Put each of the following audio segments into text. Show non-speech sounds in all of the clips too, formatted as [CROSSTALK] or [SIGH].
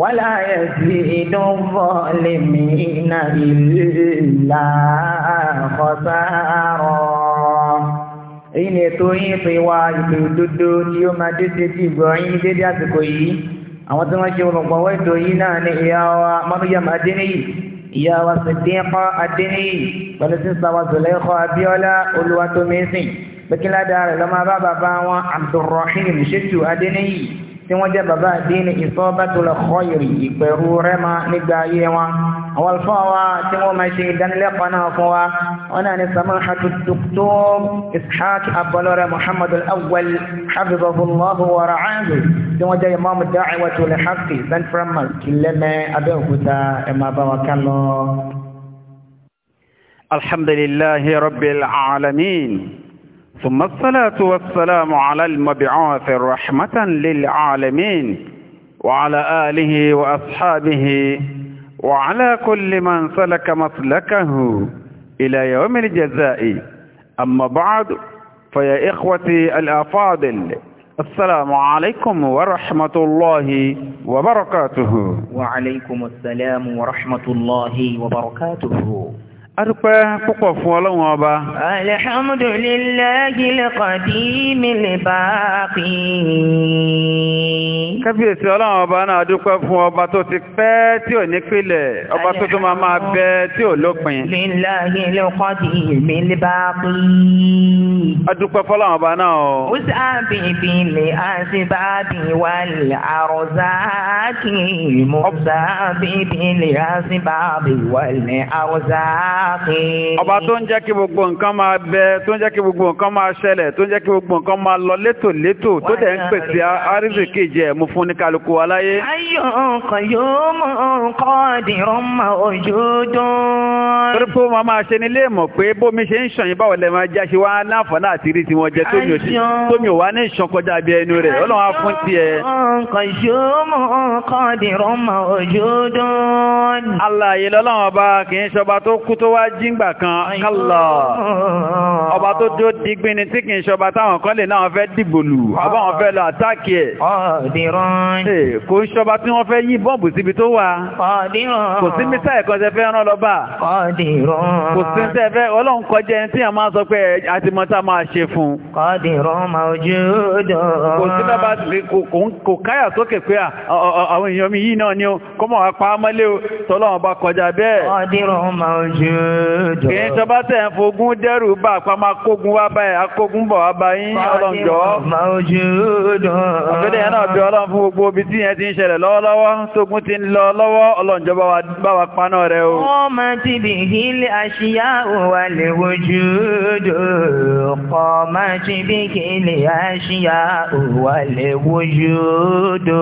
wàlá ẹ̀sìn ìdánwò lèmi iná ìlà ọ̀sáàrọ̀. èyí ni ètò yín fi wá ìpè òdodo tí ó máa dédé sí ìgbọ̀ yín ní dédé àsìkò yìí àwọn tí wọ́n ṣe olùgbọ̀wọ́ ètò yìí náà ni ìyá wa Maryam Adéníyì ìyá wa Siddiqa Adéníyì pẹ̀lú sísá wa Zulaikha Abíọ́lá Olúwatómísìn pẹ̀kíládàá rẹ̀ lọ́mọ bá bàbá wọn Abdulrahim Ṣètù Adéníyì tí wọ́n jẹ́ bàbá àdínì ìsọ́bẹ́tòlẹ̀ kọ́yìrì ìpẹ̀rù rẹ́mà nígbà ayé wọn àwọn alfáà wa tí wọ́n máa ṣe ìdánilẹ́kọ̀ọ́ náà fún wa wọn náà ni samahatu dr ishaq abọlọrẹ muhammad al-awwal habibullahu wa tí wọ́n jẹ́ imam da'watu al-haqqi central mosque lẹ́mẹ́ abẹ́òkúta ẹ̀ máa bá rabbil alamin. ثم الصلاة والسلام على المبعوث رحمة للعالمين وعلى آله وأصحابه وعلى كل من سلك مسلكه إلى يوم الجزاء أما بعد فيا إخوتي الأفاضل السلام عليكم ورحمة الله وبركاته وعليكم السلام ورحمة الله وبركاته Adúpẹ́ púpọ̀ fún Ọlọ́run ọba. Alhamdulillahi lil qadimil baqi yín. kábíyèsí ọlọ́run ọba náà dúpẹ́ fún ọba tó ti pẹ́ tí ò ní pìlẹ̀ ọba tó tó máa máa bẹ tí ò lópin. lílàyé lóko di èmi lè bá pín in. a dúpẹ́ fọlọ́run ọba náà o. ó sábì ìbílẹ̀ àṣìbábì wà lè àròzáàkì mú sábì ìbílẹ̀ àṣìbábì wà lè àròzáàkì. ọba tó ń jẹ́ kí gbogbo nǹkan máa bẹ tó ń jẹ́ kí gbogbo nǹkan máa ṣẹlẹ̀ tó ń jẹ́ kí gbogbo nǹkan máa lọ létòlétò tó dẹ̀ ń pèsè àrísìkì jẹ́ májẹ̀mú fún ní kálukú aláyé. ayọ̀ kan yóò mọ̀ kọ́ dìrọ̀ mọ́ ojú dán. torí pé wọ́n máa ṣe nílé mọ̀ pé bómi ṣe ń ṣàn yín báwo lè máa jáṣe wá láǹfààní àti rí tiwọn jẹ tómi ò wá ní ìṣàn kọjá bí ẹnu rẹ̀ ọlọ́run fún tiẹ̀. ayọ̀ yóò mọ̀ kọ́ dìrọ̀ ọba tó tó wá tí kì ṣọba táwọn kan náà fẹ́ dìbò lù ah. àbáwọn fẹ́ lọ àtáàkì ẹ̀. Ah, Qadirun. Ee kò ń ṣọba tí wọ́n fẹ́ yí bọ́ọ̀bù síbi tó wà. Qadirun. Kò sí mítà ẹ̀kọ́ tẹ fẹ́ rán lọ́ba. Qadirun. Kò sí tẹ fẹ́ ọlọ́run kọjá ẹni tí a máa sọ pé àtìmọ́ta máa ṣe fún. Qadirun mawjudun. Kò sí bàbá kò káyà sókè pé àwọn èèyàn mi yìí náà ni ó kọ́mọ̀ wá pa á mọ́lé o tọ́lọ́run ọlọ́run fún gbogbo obi tí yẹn ti ń ṣẹlẹ̀ lọ́wọ́lọ́wọ́ tógún ti ń lọ lọ́wọ́ ọlọ́njọba bá paná rẹ̀ o. wọ́n máa ti bì í lé òwà lè wojú odò kọ́ máa ti bì í lé òwà lè wojú odò.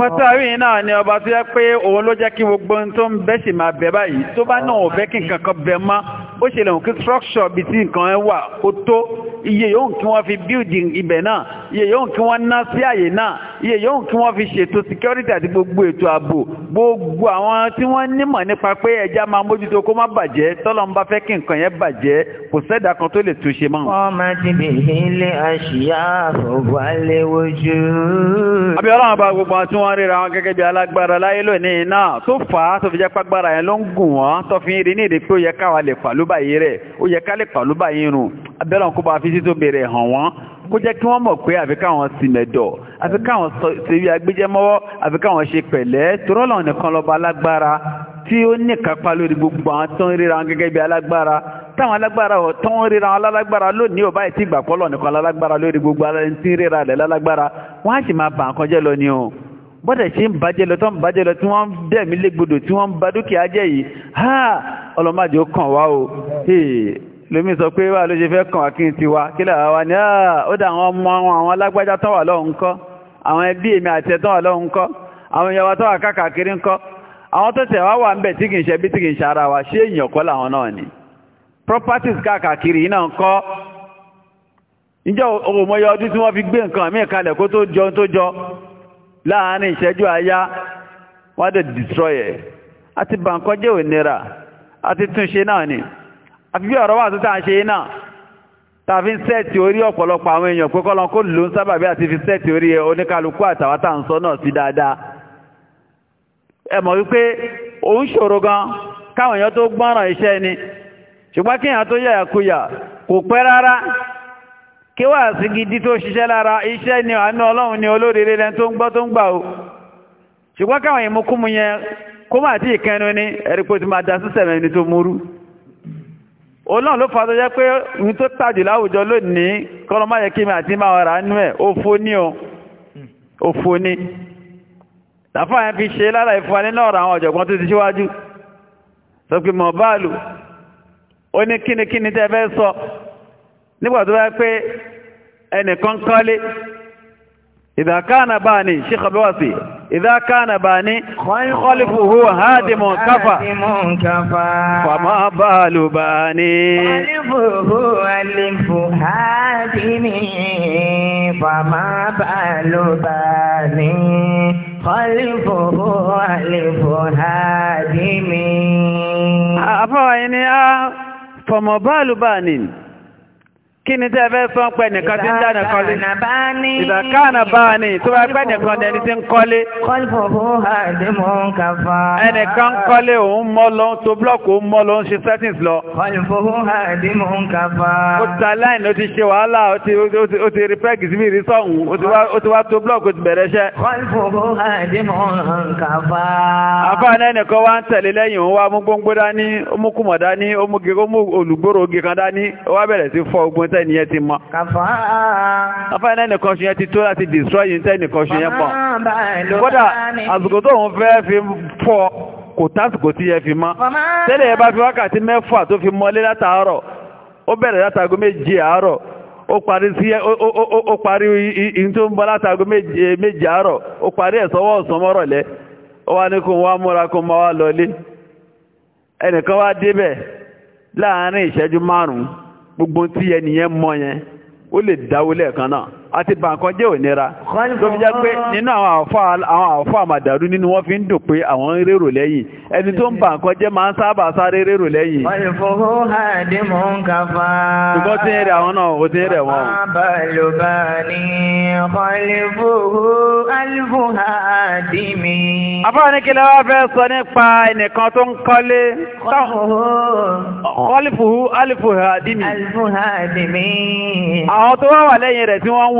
pátárì náà ni ọba tó yẹ pé òun ló jẹ́ kí gbogbo ohun tó ń bẹ́ sì máa bẹ báyìí tó bá náà ò fẹ́ kí nǹkan kan bẹ mọ́ ó ṣe lè hùn kí structure bíi ti nǹkan ẹ wà ó tó iye yóò kí wọ́n fi bíldì ibẹ̀ náà iye yóò kí wọ́n ná sí àyè náà iye yóò kí wọ́n fi ṣètò security àti gbogbo ètò ààbò gbogbo àwọn tí wọ́n nímọ̀ nípa pé ẹja máa mójútó kó má bàjẹ́ tọ́lọ́ ń bá fẹ́ kí nǹkan yẹn bàjẹ́ kò sẹ́dà kan tó lè tún ṣe mọ́. wọ́n ti bè ní ilé àṣìyá àfọ̀gbà léwojú. abiola àwọn bá gbogbo àwọn tí wọ́n ríra wọn gẹ́gẹ́ bí alágbára láyé lónìí náà tó fà á tó fi jẹ́ pàgbára yẹn ló ń gùn wọ́n tó fi ń rí ní títí tó bèrè hàn wọ́n kó jẹ́ kí wọ́n mọ̀ pé àfi káwọn sì mẹ̀dọ̀ àfi káwọn ṣèwí agbẹ́jẹ́mọ́wọ́ àfi káwọn ṣe pẹ̀lẹ́ torọ́lọ̀ nìkan lọ́ba alágbára tí ó ní kápá lórí gbogbo àwọn tó ń ríra wọn gẹ́gẹ́ bí alágbára táwọn alágbára ọ̀ tó ń ríra wọn lálágbára lónìí ò báyìí tí ìgbà pọ́lọ̀ nìkan lálágbára lórí gbogbo alágbára tí ń ríra rẹ̀ lálágbára wọ́n á sì máa bà nǹkan jẹ́ lọ ni o bọ́dẹ̀ ṣe ń bàjẹ́ lọ tó ń bàjẹ́ lọ tí wọ́n ń dẹ̀mí légbodò tí wọ́n ń ba dúkìá jẹ́ yìí ha ọlọ́mọdé ó kàn wá o lómi sọ pé wà ló ṣe fẹ́ kàn kí n ti wá kí lẹ́wà wá ní àà ah, ó dà àwọn ọmọ àwọn alágbájá tó wà lọ́hùn kọ́ àwọn ẹbí èmi àti ẹ̀tọ́ wà lọ́hùn kọ́ àwọn ìyàwó tó wà káàkiri kọ́ àwọn tó tẹ̀ wá wà ń bẹ̀ tí kì í ṣe bí tí kì í ṣe ara wa ṣé èèyàn kọ́ làwọn náà ni properties káàkiri náà kọ́ ǹjẹ́ òmòye ọdún tí wọ́n fi gbé nǹkan mí kalẹ̀ kó tó jọ tó jọ láàárín ìṣẹ́jú àyá wọ́n á dẹ̀ destroy ẹ̀ àti bàǹkọ́jẹ́ òníra àti túnṣe náà ni àfi bí ọ̀rọ̀ wà tó tàà ṣe náà tàfi sẹ́ẹ̀tì orí ọ̀pọ̀lọpọ̀ àwọn èèyàn pé kọ́lọ́n kó ló ń sábàbí àti fi sẹ́ẹ̀tì orí oníkálukú àtàwátà ń sọ náà sí dáadáa ẹ mọ̀ wípé òun ṣòro gan káwọn èèyàn tó gbọ́ràn iṣẹ́ ni ṣùgbọ́n kí èèyàn tó yàyàkuyà kò pẹ́ rárá kí wà sí gidi tó ṣiṣẹ́ lára iṣẹ́ ni àánú ọlọ́run ni olóríire lẹ́ni tó ń gbọ́ tó ń gbà o ṣùgbọ́n káwọn ìmúkúmu yẹn kó má tí ì kẹnu ẹ̀rí pé ó ti máa da sísẹ̀mẹ́ni tó múrú olóòn ló fa tó jẹ́ pé ní tó tàjù láwùjọ lónìí kọ́lọ́ má yẹ kí mi àti máa rà nú ẹ̀ òfo ní o òfo ní tàfà yẹn fi ṣe lára ìfúnni náà ra àwọn ọ̀jọ̀gbọ́n tó ti síwájú sọ pé mọ̀ báàlù ó ní kínníkínní tẹ́ fẹ́ sọ nígbà tó bá pé ẹnìkan kọ́lé ìdàkánà bá ní ṣíkọ̀ bí wọ́n sì إذا كان باني خلفه هادم كفى فما بال باني خلفه ألف هادم فما بال باني خلفه ألف هادم أفا إني أفا ما بال باني kí ni tẹ́ fẹ́ sọ pé nìkan tí ń dáná kọ́lé ìdàkánà bá ní tó bá pẹ́ nìkan ẹni tí ń kọ́lé ẹnìkan ń kọ́lé òun mọ́ lọ ń to blọ́ọ̀kì òun mọ́ lọ ń ṣe settings lọ ó ta line ó ti ṣe wàhálà ó ti rí pẹ́ẹ̀kì síbi ìrísọ̀hún ó ti wá to blọ́ọ̀kì ó ti bẹ̀rẹ̀ iṣẹ́ àfáàní ẹnìkan wá ń tẹ̀lé lẹ́yìn òun wá mú gbóngbó dání ó mú kùmọ̀ dání ó mú olùgbòrò ogi kan dání ó wá bẹ̀rẹ̀ sí fọ́ ogun tẹ́ tẹ́ nìyẹn ti mọ́. kàfá. kàfá iná ṣe yẹn ti tó láti destroy yìí tẹ́ nìkan ṣe yẹn pọ̀. kódà àsìkò tó ń fẹ́ fi fọ́ kò tásìkò tí yẹ fi mọ́. tẹ́lẹ̀ yẹn bá fi wákàtí mẹ́fà tó fi mọ́lé látàárọ̀ ó bẹ̀rẹ̀ látàgọ́ méje àárọ̀ ó parí sí ó parí ìyìn tó ń bọ́ látàgọ́ méje àárọ̀ ó parí ẹ̀ sọ́wọ́ ọ̀sán mọ́rọ̀lẹ́ ó wá ní kó wá múra kó máa wá lọlé ẹnìkan wá débẹ̀ láàárín ìṣẹ́jú márùn-ún gbogbo tí ẹnìyẹn mọ yẹn ó lè dáwó lẹ́ẹ̀kan náà àti bàǹkan jẹ́ ònira tó fi jẹ́ pé nínú àwọn àwọ̀fà àmàdàrú nínú wọ́n fi ń dùn pé àwọn ń rérò lẹ́yìn ẹni tó ń bàǹkan jẹ́ máa ń sábà sáré rérò lẹ́yìn ṣùgbọ́n tí ń rẹ̀ àwọn náà ó ti rẹ̀ wọ́n afánikílẹ̀ wá fẹ́ sọ nípa ẹnìkan tó ń kọ́lé kọ́lífùhú alìfùhàdìmí àwọn tó wà wà lẹ́yìn rẹ̀ tí wọ́n ń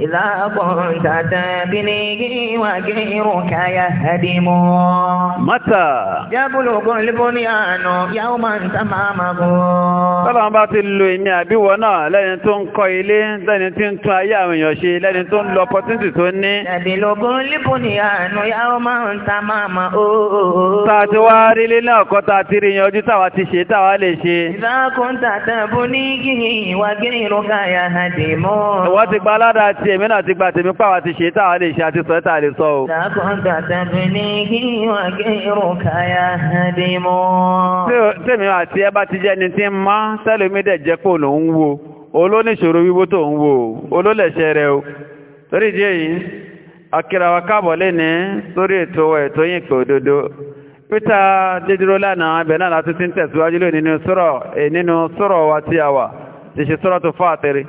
إذا كنت تبنيه وغيرك يهدم متى يبلغ البنيان يوما تمامه tọ́lá bá ti lo ìmí àbíwọ̀ náà lẹ́ni tó ń kọ́ ilé lẹ́ni tí ń tún ayé àwọn èèyàn ṣe lẹ́ni tó ń lo opportunity tó ní. ẹ̀dínlógún líbùn ní àánú yàwó máa ṣe mí náà ti gba tèmi pàwà ti ṣe táwà lè ṣe àti sọ tàà lè sọ o. tèmi àti ẹ bá ti jẹ́ ni tí ń mọ́ sẹ́lómi dẹ̀ jẹ́ kó ló ń wo olóníṣòro wíwó tó ń wo olólẹ̀ṣẹ̀ rẹ o torí ìdí èyí akírawa káàbọ̀ lẹ́ni sórí ètò ètò yìí pé òdodo peter dédúró lánàá abẹ náà láti ti ń tẹ̀síwájú lónìí nínú sọ̀rọ̀ eh, wa tí a ti ṣe sọ̀rọ̀ tó fọ́ àtẹ̀rẹ̀.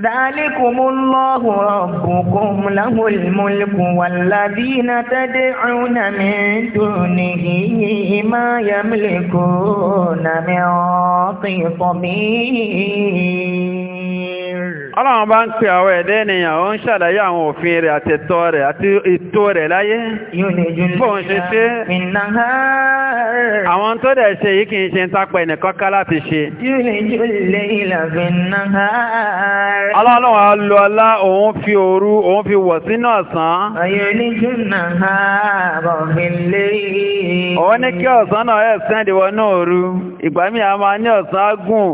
ذلكم الله ربكم له الملك والذين تدعون من دونه ما يملكون من قطمير ọlọ́run bá ń pè àwọn ẹ̀dẹ́ ènìyàn ó ń ṣàlàyé àwọn òfin rẹ̀ àtẹ̀tọ́ rẹ̀ àti ètò rẹ̀ láyé bóun ṣe ṣe àwọn tó dẹ̀ ṣe yìí kì í ṣe ń tapọ̀ ẹnìkan láti ṣe ọlọ́run á ọlá òun fi òru òun fi wọ̀ sínú ọ̀sán òun ní kí ọ̀sán náà ẹ̀ sẹ́ndìwọ̀ náà òru ìgbà míì a máa ní ọ̀sán á gùn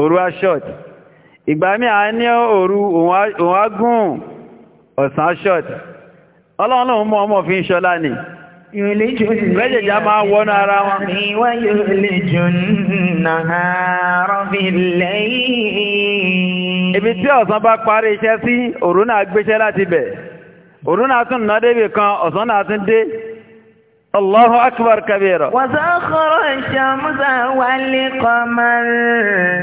òru á ṣọ́ọ̀tì ìgbà mi a ní òru òun agún ọ̀sán short ọlọ́run mọ́ ọmọ fi ń ni méjèèjá máa wọ́nà ara wọn ibi tí ọ̀sán bá parí iṣẹ́ sí òru náà gbéṣẹ́ láti bẹ̀ òru náà tún débì kan ọ̀sán náà tún الله أكبر كبيرا وسخر الشمس والقمر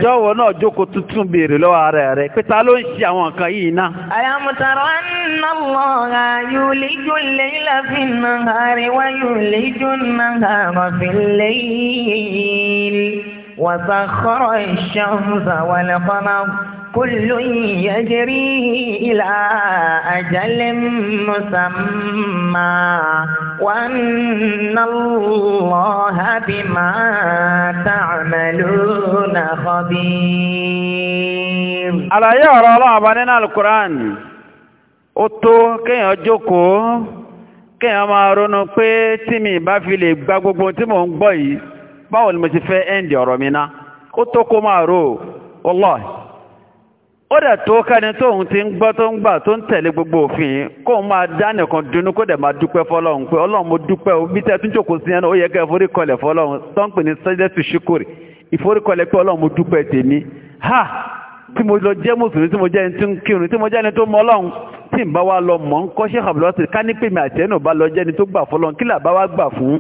jọ̀wọ́ náà jókòó tuntun béèrè lọ́wọ́ ara rẹ̀ pé ta ló ń ṣe àwọn nǹkan yìí náà. ألم تر أن الله يولج الليل في النهار ويولج النهار في الليل وسخر الشمس والقمر كل يجري إلى أجل مسمى وأن الله بما تعملون خبير على يرى الله بنينا القرآن ó tó kéèyàn jókòó kéèyàn máa ronú pé tí mi bá fi lè gba gbogbo tí mò ń gbọ́ yìí báwo ni mo ti fẹ́ ẹ́ǹdì ọ̀rọ̀ mi ná ó kó máa rò wallahi ó dẹ̀ tó kẹ́ni tóun ti ń gbọ́ tó ń gbà tó ń tẹ̀lé gbogbo òfin kóun máa dá nìkan dunnú kó dẹ̀ máa dúpẹ́ fọlọ́run pé ọlọ́run mo dúpẹ́ o bí tẹ́tún jòkó sí ẹnu ó yẹ kẹ́ ìforíkọlẹ̀ fọlọ́run tó ń pè ní sẹ́jẹ́sì ṣíkòrè ìforíkọlẹ̀ pé ọlọ́run mo dúpẹ́ tèmi ha tí mo lọ jẹ́ mùsùlùmí tí mo jẹ́ ẹni tó ń kírun tí mo jẹ́ ẹni tó mọ ọlọ́run tí n bá wa lọ mọ̀ ń kọ́ ṣé àbúrò sí ká ní pèmí àtẹ́nù bá lọ jẹ́ni wa gbà fún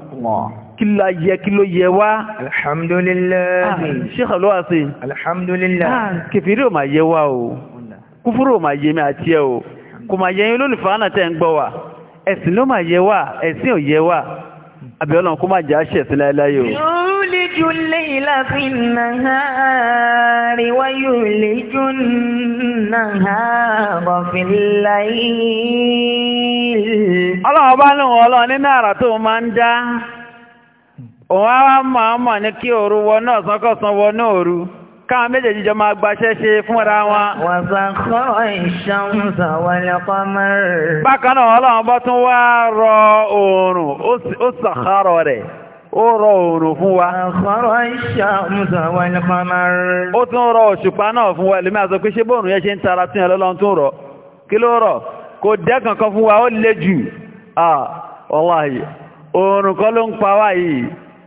kí ló yẹ kí ló yẹ wá. alhamdulilayi. ṣéèkà ah, ló alhamdulilayi. Ah, kẹfìrí ò máa yẹ wá o kúfúrú ò máa yẹ mi àti ẹ o kò yẹ yín olólùfẹ́ àná tẹ́ ń gbọ́ wa ẹ̀sìn ló máa yẹ wá ẹ̀sìn ò yẹ wá àbí kó má jẹ́ àṣẹ ẹ̀sìn láéláé o. yuliju leila fi nahari wa yuliju nahara fi layl. ọlọ́run bá lóun ọlọ́run nínú àrà tó máa ń dá òun á wá mọ̀ọ́mọ̀ ní kí òru wọnú ọ̀sán kọ̀sán wọnú òru káwọn méjèèjì jọ máa gbaṣẹ́ ṣe fúnra wọn. wàzàkọ́ ìṣàmùsà wàlẹ̀ pamẹ́rẹ̀. bákan náà ọlọ́run bọ́ tún wá rọ oòrùn ó sàkárọ̀ rẹ̀ ó rọ oòrùn fún wa. àkọ́rọ̀ ó tún rọ òṣùpá náà fún wa ẹlòmí àti pé ṣé bóòrùn yẹn ṣe ń tara tún yẹn lọ́lọ́run tún rọ kí ló rọ kò dẹ́kàn fún wa ó le jù. ah wàláhì oòrùn kọ́ ló ń pa wá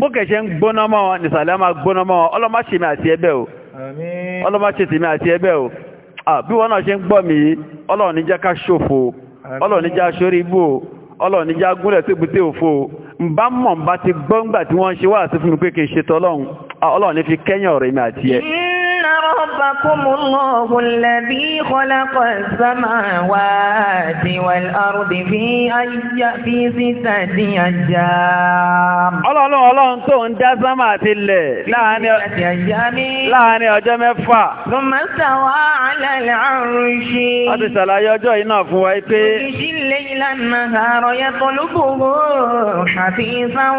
bókẹ̀ṣẹ́ ń gbóná mọ́ wọn nìsàlẹ̀ máa gbóná mọ́ ọ ọlọ́mà ṣe mi àti ẹbẹ́ o ọlọ́mà ṣe tèmi àti ẹbẹ́ o bí wọ́n náà ṣe ń gbọ́ mi ọlọ́ọ̀ni ká ṣòfò ọlọ́ọ̀ni já o ọlọ́ọ̀ni já gúnlẹ̀ sí ibùté mọ̀ ti gbọ́ ngbà tí wọ́n ṣe wá fún mi pé kì í ṣe tọ́lọ́run fi kẹ́yìn ọ̀rẹ́ mi àti ربكم الله الذي خلق السماوات والأرض في أي في ستة أيام الله الله الله أنتم جسما تل لا أنا لا أنا فا ثم استوى على العرش هذا سلا يجوا هنا في الليل النهار يطلبه حفيظا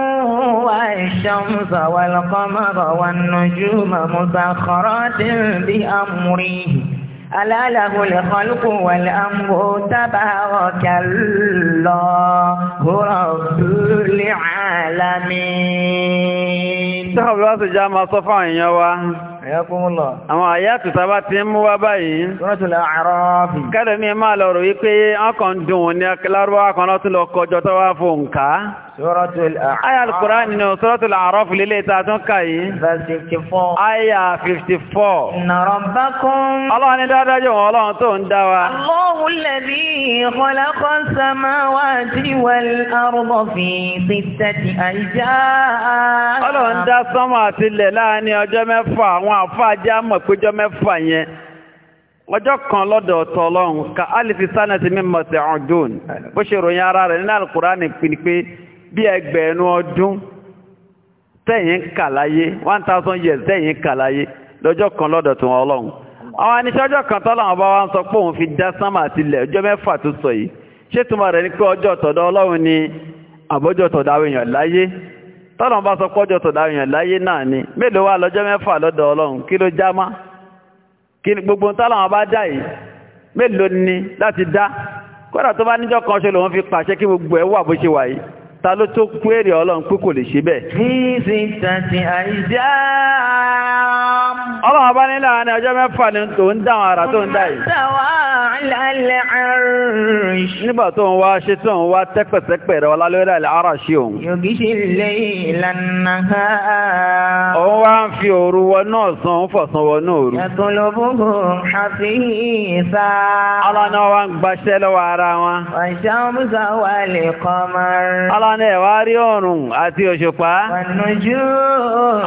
والشمس والقمر والنجوم مسخرات به بأمره ألا له الخلق والأمر تبارك الله رب العالمين àwọn àyá tùtàbá ti mú wá báyìí kẹ́rẹ̀ ní máa lọ rò wípé ọkàn dùn ní lárúbáwá kan lọ́tún lọ kọjọ tó wá fún ǹká àyà alkùrá nínú sọ́rọ̀tù àárọ́fù lílé ìtàtún káyí àyà 54 ọlọ́run dá wa àti ilẹ̀ láàárín ọjọ́ mẹ́fà àwọn àwọn àfáà jẹ́ àmọ̀ péjọ mẹ́fà yẹn ọjọ́ kan lọ́dọ̀ ọ̀tọ̀ ọlọ́run ka alifi sanati mímọ̀ sí ọdún bó ṣe ròyìn ara rẹ̀ nínú alukurani pinni pé bí ẹgbẹ̀rún ọdún tẹ̀yìn kàláyé one thousand years tẹ̀yìn kàláyé lọ́jọ́ kan lọ́dọ̀ tó ọlọ́run àwọn kan bá ń sọ pé òun sọ yìí ṣé rẹ̀ pé ọjọ́ ọlọ́run ni àbójọ́ tọ́lọ̀ bá sọ pọ́jọ́ tó dáyàn láyé náà ni mélòó wà lọ́jọ́ mẹ́fà lọ́dọ̀ ọlọ́run kí ló já má kí gbogbo tọ́lọ̀ bá dá yìí mélòó ni láti dá kódà tó bá níjọ́ kan ṣe lòun fi pàṣẹ kí gbogbo ẹ̀ wà bó ṣe wà yìí ta ló tó kú èrè ọlọ́run pé kò lè ṣe bẹ́ẹ̀. ní ìsìn tàǹtì àìjá ọlọ́run bá nílẹ̀ àwọn ọjọ́ mẹ́fà ní tó ń dáwọn ara tó ń dá yìí. nígbà tó ń wá ṣe tó ń wá tẹ́pẹ̀tẹ́pẹ̀ rẹ̀ wọlá lórí àlẹ́ ara ṣe òun. òun wá ń fi òru wọ náà san òun fọ̀sán wọ náà òru. ẹ̀tọ́lọ́bùkù wa ń gbaṣẹ́ lọ́wọ́ ara wọn. ọ̀ṣàmùsà wà lè kọ́ máa rí òrùn àti òṣùpá.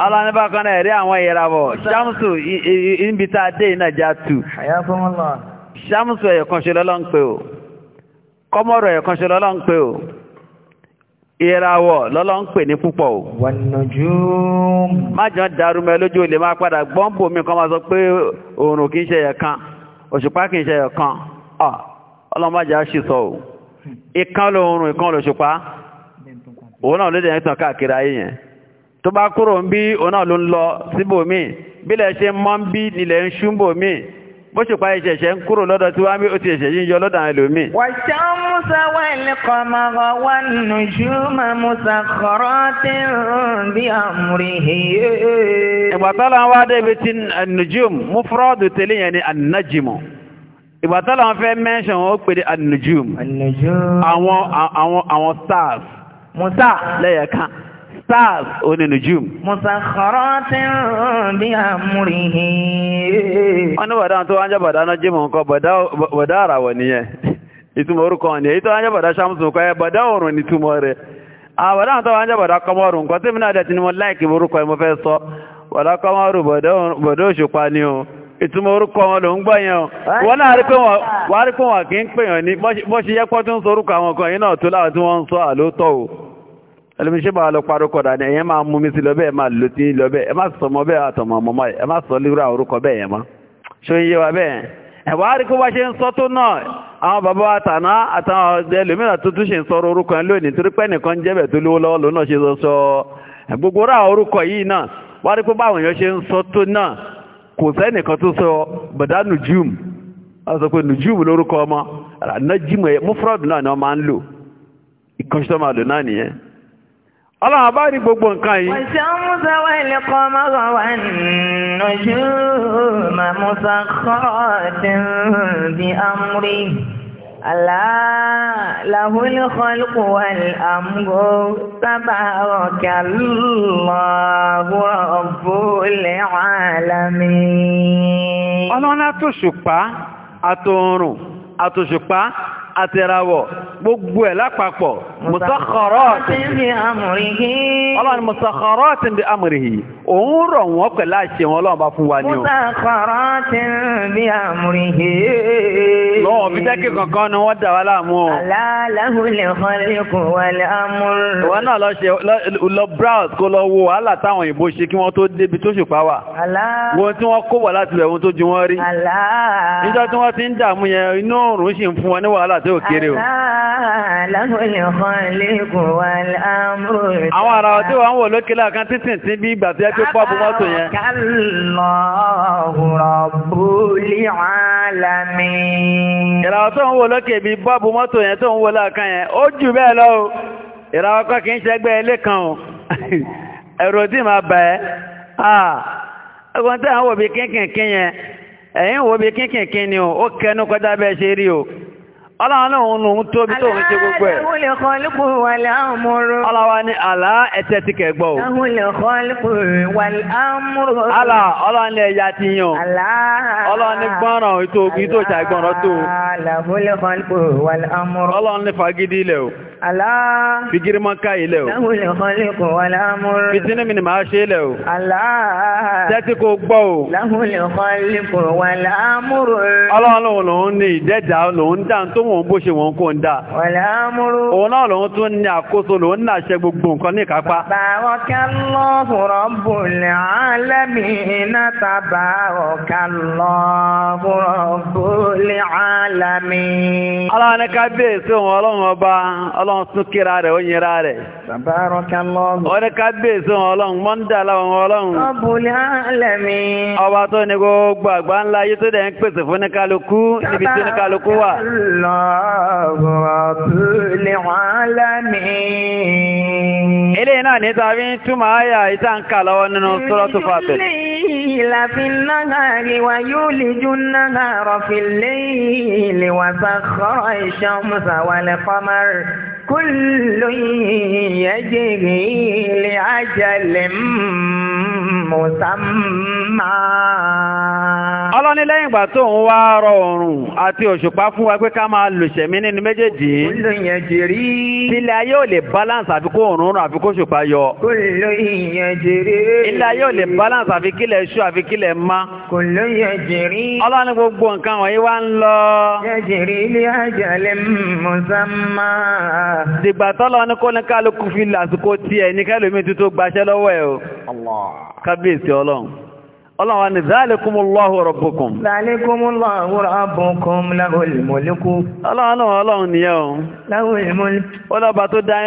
ọ̀nà bákan náà rí àwọn ìràwọ̀ ṣàmùsù ṣámsù níbi tá a dé iná já tu. ṣámsù ẹ̀yọ̀kan ṣe lọ́lọ́ ń pè o kọ́mọ́rọ̀ ẹ̀yọ̀kan ṣe lọ́lọ́ ń pè o ìràwọ̀ lọ́lọ́ ń pè ní púpọ̀ o. wàlúùjúm. má jọ dàrú mẹ́ lójú olè máa padà gbọ́ǹbù mi kan máa sọ pé oòrùn kì í ṣe ẹ̀yọ̀ kan òṣùpá kì í ṣe ẹ̀yọ̀ kan ọlọ́mọdé á ṣì sọ o. ìkan ló oòrùn ìkan lòṣùpá òun náà ló dẹ̀ ń tàn káàkiri ayé yẹn tó bá kúrò ń bí òun náà ló ń lọ síbòmíì bílẹ̀ ṣe mọ́ ń bí nílẹ̀ ń ṣúmbò míì bó ṣe pa ìṣẹ̀ṣẹ̀ ń kúrò lọ́dọ̀ tí wá ń bí ó ti ẹ̀ṣẹ̀ yíyọ lọ́dọ̀ àwọn ẹlòmíì. wàṣà musa wà ní kọmọkọ wà nù ṣùmọ musa kọrọ tí ń bí àmúrí hìyẹ. ìgbà tó débi tí nùjúm mú fúrọ́ọ̀dù tẹ́lẹ̀ yẹn ni ànájìmọ̀ ìgbà tó fẹ́ mẹ́ṣàn ó pè ní ànùjúm àwọn àwọn àwọn stars. musa lẹ́yẹ̀ kan stars ó ní nùjúm. musakharatin bi amrihi. wọ́n ní bọ̀dá tó wájá bọ̀dá náà jí mọ̀ nǹkan bọ̀dá àràwọ̀ nìyẹn [LAUGHS] ìtumọ̀ orúkọ ni èyí tó wájá bọ̀dá sàmùsùn nǹkan ẹ bọ̀dá òrùn ní túmọ̀ rẹ̀ àbọ̀dá tó wájá bọ̀dá kọmọrùn nǹkan tí mi náà dẹ̀ ti mo láìkì orúkọ mo fẹ́ sọ bọ̀dá kọmọrùn bọ̀dá òṣùpá ni o ìtumọ̀ orúkọ wọn ló ń gbọ́ yẹn wọ́n náà rí pé wọ́n kí ń pèèyàn ní bọ́ṣe yẹ́pọ́ tó ń sorúkọ àwọn kan yìí náà tó láwọn tí wọ́n ń sọ àlótọ́ o ẹlòmí ṣé báwa lọ parúkọ dání ẹ̀yẹ́ máa mú mi sí lọ bẹ́ẹ̀ máa lò tí lọ bẹ́ẹ̀ ẹ má sọ ọmọ bẹ́ẹ̀ àtọmọ ọmọ ẹ má sọ lórí àwọn orúkọ bẹ́ẹ̀ yẹn mọ́ ṣó ń yé wa bẹ́ẹ̀ ẹ̀wà á rí kó bá ṣe ń sọ tó náà àwọn bàbá wa tàná àtàwọn ẹlòmíràn tuntun ṣe ń sọ orúkọ yẹn lónìí torí pé nìkan ń jẹ́bẹ̀ tó lówó lọ́wọ́ lónà ṣe sọ sọ gbogbo tó máa lò náà nìyẹn Ọlọ́run bá rí gbogbo nǹkan yìí. Wàṣẹ́ Musa wà ilé kan mọ́rọ̀ wà nùjú máa Musa kọ́ ọ̀dín Ọlọ́run àtòṣùpá àtòrùn àtòṣùpá àtẹ̀ràwọ̀ gbogbo ẹ̀ lápapọ̀ mùsàkọ̀rọ̀tì bí amúrìhì òun rọ̀ wọ́n pẹ̀lú àṣẹ wọn lọ́wọ́ bá fún wa ní o mùsàkọ̀rọ̀tì bí amúrìhì lọ́wọ́ bí tẹ́kì kankan ni wọ́n dà wá láàmú o aláàláhùlẹ̀ kọ́lẹ́kùn wà láàmúrù wọn náà lọ ṣe lọ browse kó lọ wo wàhálà ṣé ò kéré o. àwọn ará ọdún wa ń wò lókè títì tí bí ìgbà yẹn. ìràwọ̀ tó ń wò lókè bí pọ́ọ̀bù mọ́tò yẹn tó ń wò yẹn ó jù bẹ́ẹ̀ lọ o ìràwọ̀ kọ́ ilé kan o [LAUGHS] ẹ̀rọ tí máa bẹ̀ ẹ́ ẹ̀gbọ́n tí kínkìnkín yẹn ẹ̀yìn òbí kínkìnkín ni o ó kẹnu kọjá bẹ́ẹ̀ ṣe rí o. Ọlọ́run náà ń nù tóbi tó ń ṣe gbogbo ẹ̀. Àlàáhùlẹ̀ kọ́lùkù wà láàmúrò. Ọlọ́wà ní àlá ẹ̀tẹ́ ti kẹ̀gbọ́ o. Àhùlẹ̀ kọ́lùkù wà láàmúrò. Àlà ọlọ́run lẹ̀ ya ti yàn. Àlá. Ọlọ́run ní gbọ́ràn ètò ògì tó ṣà ìgbọ̀nràn tó. Àlàáhùlẹ̀ kọ́lùkù wà láàmúrò. Ọlọ́run ní fagídí ilẹ̀ o. Àlá. Figirima ká ilẹ̀ wọ́n bó ṣe wọ́n kó ń dá. òun náà lòun tún ní àkóso lòun náà ṣe gbogbo nǹkan ní ìkápá. tabarakallahu rabbul alamin tabarakallahu rabbul alamin. aláwọn ká bèè sí òun ọlọ́run ọba ọlọ́run tún kíra rẹ̀ ó yẹra rẹ̀. tabarakallahu. ọ̀rẹ́ ká bèè sí òun ọlọ́run mọ́ńdà láwọn ọlọ́run. rabbul ní gbogbo àgbà rabbul alamin. Eléyìí náà ní tàbí ń túmọ̀ àyà nínú Suratul Fatir. Ìlà fi yóò lè jú náhàrọ̀ fi lè wà sáà كل يجري لأجل مسمى ọlọ́ni lẹ́yìn ìgbà tó ń wá rọ oòrùn àti òṣùpá fún wa pé ká máa lòṣẹ̀mí nínú méjèèjì kúlòyìn jìrí ilẹ̀ ayé ò lè balance àfi kó oòrùn rùn àfi kó òṣùpá yọ kúlòyìn jìrí ilẹ̀ ayé ò lè balance àfi kílẹ̀ ṣú àfi kílẹ̀ má kúlòyìn jìrí ọlọ́ni dìgbà tọ́lọ ní kó ní kálukú fi lásìkò tí ẹ̀ ní kẹ́lùmí tuntun gbaṣẹ́ lọ́wọ́ ẹ̀ o kábíyèsí ọlọ́run ọlọ́wọ́n ni zálẹ́kùnmùlọ́hù rọ̀bùkùn. zálẹ́kùnmùlọ́hù rọ̀bùkùn lahul mulku. ọlọ́wọ́n náà ọlọ́run ni yẹn o. lahul mulku. ọlọ́ba tó dáyé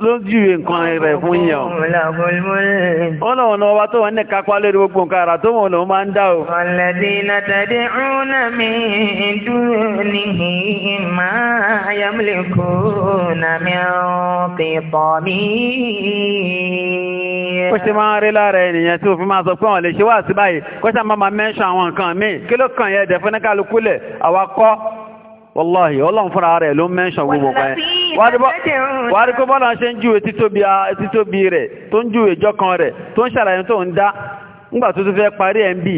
ló júwe nǹkan rẹ̀ fún yẹn o. lahul mulku. ọlọ́wọ́n náà ọba tó wọn ní kápá lórí gbogbo nǹkan ara tó wọn lòún máa ń dá o. alladhina tad'una min dunihi ma ó ṣe máa ń rí lára ènìyàn tí òfin máa sọ pé àwọn lè ṣe wá àti báyìí kọ́ṣà máa máa mẹ́ṣọ́ àwọn nǹkan míì kí ló kàn yẹ ẹ̀dẹ̀ fún kálukúlẹ̀ àwa kọ́ wọ́láhì ọlọ́run fúnra rẹ̀ ló mẹ́ṣọ́ gbogbo kan wà bọ́lá ṣe ń júwe títóbi rẹ̀ tó ń júwe jọ́kan rẹ̀ tó ń ṣàlàyé tó ń dá ńgbà tó tún fẹ́ parí ẹ̀ ń bì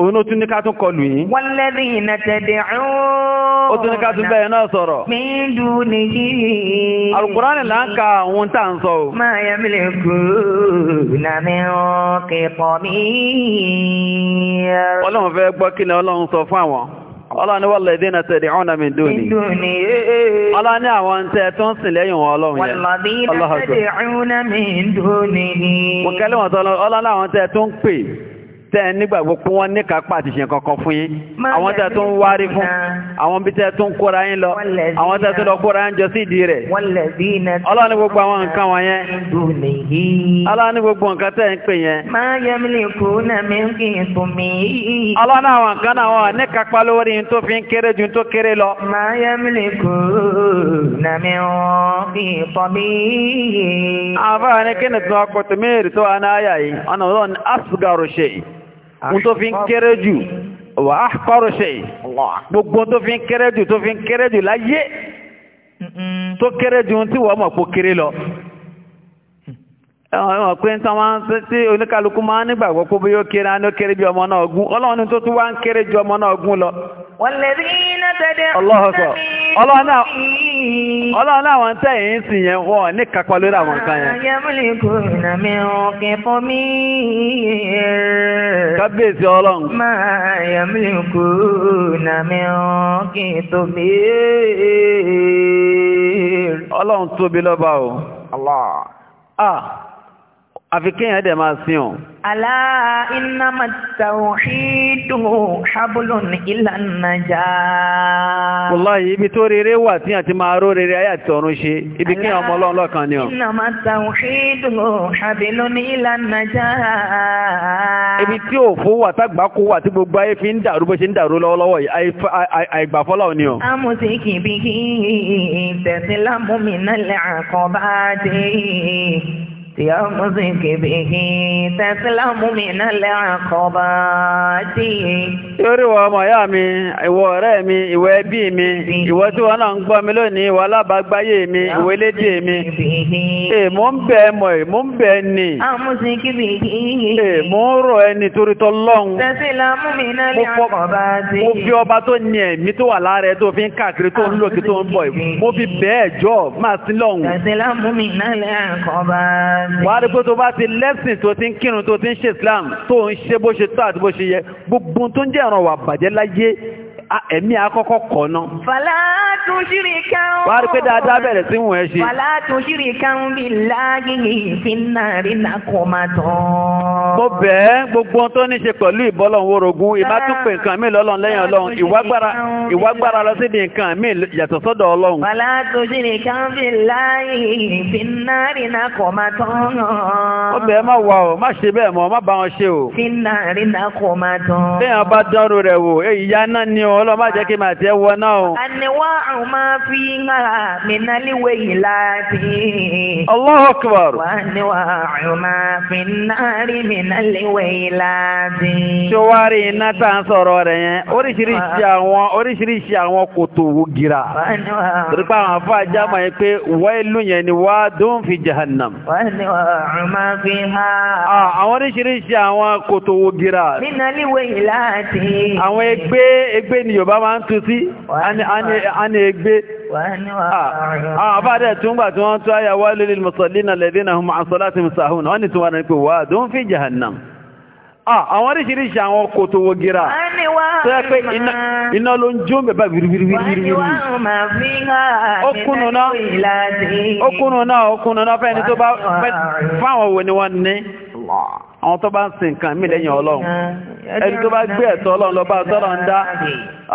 òun ó tún ní ká tún kọlù yín. wọ́n lẹ́rìí ìnàtẹ̀dẹ̀ ọ̀hún ó tún ní ká tún bẹ́ẹ̀ náà sọ̀rọ̀. mi dùn ní yìí. alukurani là ń ka àwọn tá à ń sọ o. máa yẹ mi lè kú lámì òkè pọ̀ mí. ọlọ́run fẹ́ gbọ́ kí ni ọlọ́run sọ fún àwọn ọlọ́run ni wọ́n lè dínà tẹ̀lé ọ̀nà mi dùn ọlọ́run ní àwọn tẹ́ tó ń lẹ́yìn wọn ọlọ́run yẹn. ọlọ́run tẹ̀lé ọ̀nà mi dùn ní. mo kẹ́lẹ́ wọn tọ́lọ́ ọlọ́run àwọn tẹ́ tó pè. tẹ́ ẹ nígbàgbọ́ pé wọ́n níka pa kankan fún yín àwọn wárí fún àwọn bí kóra yín lọ àwọn lọ kóra yín jọ sí ìdí gbogbo àwọn nǹkan wọn yẹn Allah ni gbogbo nǹkan ń pè yẹn. náà mi ń kì í fún mi. àwọn nǹkan náà níka pa lórí yín tó fi ń kéré ju tó kéré lọ. máa yẹ mi náà mi ń kì í fún mi. àbára ni kí ohun tó fi ń kéré jù wà á kọ́rọ̀ ṣe gbogbo tó fi ń kéré jù tó fi ń kéré jù láyé tó kéré jù tí wọ́n mọ̀ pé kéré lọ ẹ̀wọ̀n pé ń tán máa ń tí oníkálukú máa nígbàgbọ́ pé ó kéré á ní ó kéré bí ọmọ náà ogún ọlọ́run tó tún wá ń kéré ju ọmọ náà ogún lọ Ọlọ́run náà wọ́n tẹ́ yìí sì yẹn wọ́n ní kápá lórí àwọn nǹkan yẹn. mi Kábíyèsí ọlọ́run. Ọlọ́run o. Allah. Ah. àfi kéèyàn dẹ̀ máa sin ọ̀. Àlá iná màtàwò ṣídò ṣábùlù ní ìlànà jà. Wàláyé ibi tó rere wà tí àti máa ró rere ayé àti ọ̀run ṣe, ibi kéèyàn ọmọ ọlọ́run lọ́kan ni ọ̀. Iná màtàwò ṣídò ṣábùlù ní ìlànà jà. Ibi tí òfò wà tágbàkú wà tí gbogbo ayé fi ń dàrú bó ṣe ń dàrú lọ́wọ́lọ́wọ́ yìí, àìgbàfọ́lọ́ ni ọ̀. Àmùsí kìbìkì tẹ̀sílámù mi náà lẹ́ يمزق به تسلم من العقبات torí wọ ọmọ ìyá mi ìwọ ọ̀rẹ́ mi ìwọ ẹbí mi ìwọ tí wọ́n náà ń gbọ́ mi lónìí ìwọ alábàágbáyé mi ìwọ elédè mi èè mò ń bẹ ẹmọ ẹ̀ mò ń bẹ ẹni èè mò ń rọ ẹni torí tọ́ lọ́hùn mo fi ọba tó ní ẹ̀mí tó wà lára ẹ tó fi ń káàkiri tó ń lòkè tó ń bọ̀ mo fi bẹ́ẹ̀ jọ máa sí lọ́hùn wàá rí pé tó bá ti lẹ́sìn tó ti ń kírun tó ti ń ṣe Islam tó ń ṣe bó ṣe tó àti bó ṣe yẹ gbogbo tó ń jẹ́ ìrànwọ́ àbàjẹ́ láyé ẹ̀mí àkọ́kọ́ kọ̀ náà. fàlà tún ṣírí kan wàá rí pé dáadáa bẹ̀rẹ̀ sí wọ̀n ẹ ṣe. wàlá tó ṣírí káwọn bíi láàgìgì ìfínà rí nàkó máa tán. mo bẹ̀ ẹ́ gbogbo ohun tó ní ṣe pẹ̀lú ìbọ́lọ̀hún orogún ìbá tún pè nǹkan mi lọ́lọ́run lẹ́yìn ọlọ́run ìwágbára lọ síbi nǹkan mi yàtọ̀ sọ́dọ̀ ọlọ́run. wàlá tó ṣírí káwọn bíi láàgìgì ìfínà rí nàkó máa tán. mo bẹ̀ ẹ́ má wà o má ṣe bẹ́ẹ̀ mọ́ má bá wọn ṣe o. ìfínà rí nàkó máa tán. o. àníwá àwọn máa mínálíwé yìí láti. Allahu akbar. wà ní wà ọ̀rùnmá fínárì mínálíwé yìí láti. ṣé iná tá à ń sọ̀rọ̀ oríṣiríṣi àwọn oríṣiríṣi àwọn kòtò wò gira. wà ní wà ọ̀rùnmá. torí pé àwọn ajá máa ń pé wáìlú yẹn ni wàá dún fi jahannam. wà ní wà ọ̀rùnmá fi há. àwọn oríṣiríṣi àwọn kòtò wò gira. mínálíwé yìí láti. àwọn ẹgbẹ́ ẹgbẹ́ ni Yorùbá máa ń tu sí. wà ní wà ọ̀rùnmá. a ní àwọn àbádẹ́ tún gbà tí wọ́n tó ayà wá lórí musallina lẹ́dínà hùn máa sọ láti musahun wọ́n ni tún wà ní pé wà dún fi jahannam àwọn oríṣiríṣi àwọn kòtò wogira tó yẹ pé iná ló ń jó mẹ́bà wíríwíríwírí okùnù náà okùnù náà okùnù náà fẹ́ni tó bá fáwọn wo ni wọ́n ní àwọn tó bá ń sin nǹkan mí lẹ́yìn ọlọ́run ẹni tó bá gbé ẹ̀tọ́ ọlọ́run lọ bá tọ́lọ́ ń dá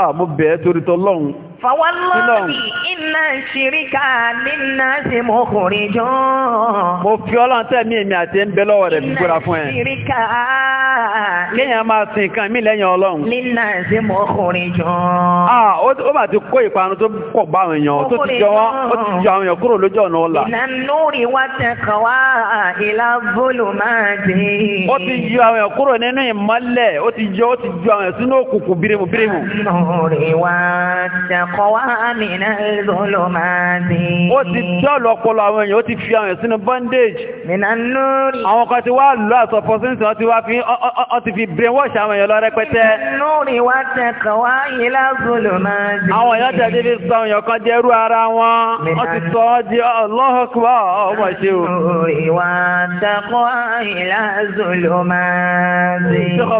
àmúbẹ̀ẹ́ torítọ́ ọlọ́run fàwọ́lọ́ọ̀bì iná ṣìríkà nínà sí mo kò rí jọ. mo fi ọlọ́run tẹ̀mí èmi àti ń bẹ lọ́wọ́ rẹ̀ gbúra fún ẹ. ṣìríkà. kéèyàn máa sin nǹkan mí lẹ́yìn ọlọ́run. nínà sí mo kò rí jọ. ó bá ti kó ìparun tó pọ̀ bá àwọn èèyàn tó ti jọ wọ́n ó ti jọ àwọn èèyàn kúrò lójú ọ̀nà ọ̀la. ìlànà orí wa tẹ̀kọ̀ wá ìlà bólú máa dé. ó ti jọ àwọn èèyàn kúrò nínú ìmọ́lẹ̀ ó ti jọ ó ti jọ àkọwá àmìnà ìzòlò máa ti. ó ti tí ọ̀lọ́pọ̀lọ́ àwọn èèyàn ó ti fi àwọn sínú bondage. nínà núrì. àwọn kan ti wá lọ àsọpọ̀ sínsìn wọ́n ti wá fi wọ́n ti fi brainwash àwọn èèyàn lọ rẹpẹtẹ. núrì wá tẹ̀kọ̀ wá yìí lázòlò máa ti. àwọn èèyàn tẹ̀lé fi sọ èèyàn kan jẹ́ rú ara wọn. wọ́n ti sọ ọ́ di ọlọ́hùnkúwà ọmọ ṣe o. núrì wá tẹ̀kọ̀ wá yìí lázòlò máa ti. ṣé kọ́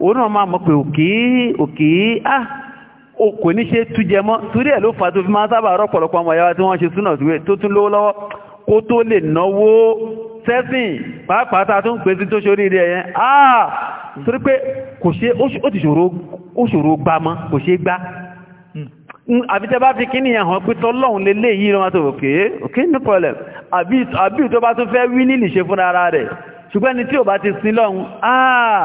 òun náà máa mọ̀ pé òkè òkè á ah, kò ní ṣe tújẹ mọ́ torí ẹ̀ ló fà tó fi máa sábà rọ́pọ̀lọpọ̀ ọmọ ìyáwá tí wọ́n ṣe súnà tó tún lówó lọ́wọ́ kó tó lè náwó sẹ́sìn pàápàá tá a tún pèsè tó ṣorí rẹ̀ yẹn áà ah, torí pé kò ṣe ó ti ṣòro ó ṣòro gbá mọ́ kò ṣe gbá hmm. àbí tẹ bá fi kíní yẹn hàn pé tọ́lọ́hun lélẹ̀ yìí lọ́wọ́ tó òkè òkè no problem àbí tó bá tún fẹ́ wí nílì ṣe fúnra rẹ̀ ṣùgbọ́n tí ò bá ti sin lọ́hun áà ah,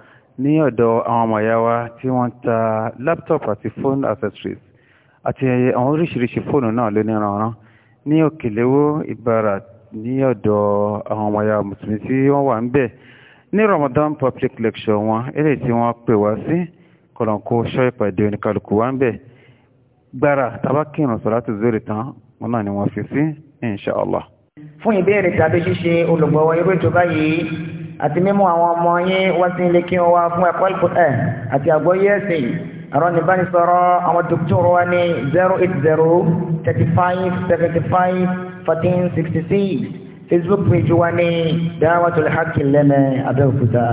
ní ọ̀dọ̀ àwọn ọmọ ìyá wa tí wọ́n ta laptop àti phone accessories àti àwọn oríṣiríṣi fóònù náà lóníranran ní òkèléwó ìbára ní ọ̀dọ̀ àwọn ọmọ ìyá mùsùlùmí tí wọ́n wà ń bẹ̀ ní Ramadan public lecture wọn eléyìí tí wọ́n pè wá sí kọ̀lọ̀kọ̀ ṣọ́ ìpàdé oníkàlùkù wá ń bẹ̀ gbára tabakirun sọ̀rọ̀tù zórí tán wọn náà ni wọ́n fi sí inṣàlá. fún ìbéèrè tàbí ṣíṣe olùgbọ̀wọ́ irú ètò báyìí àti mímú àwọn ọmọ yín wá sí ilé kí wọ́n wá fún ẹ̀kọ́ ìpínlẹ̀ àti àgbọ́yé ẹ̀sìn ẹ̀rọ ìbánisọ̀rọ̀ àwọn dókítọ̀rù wa ní zero eight zero thirty five seventy five fourteen sixty six facebook page wa ní dáwàtò lè hákì abẹ́òkúta.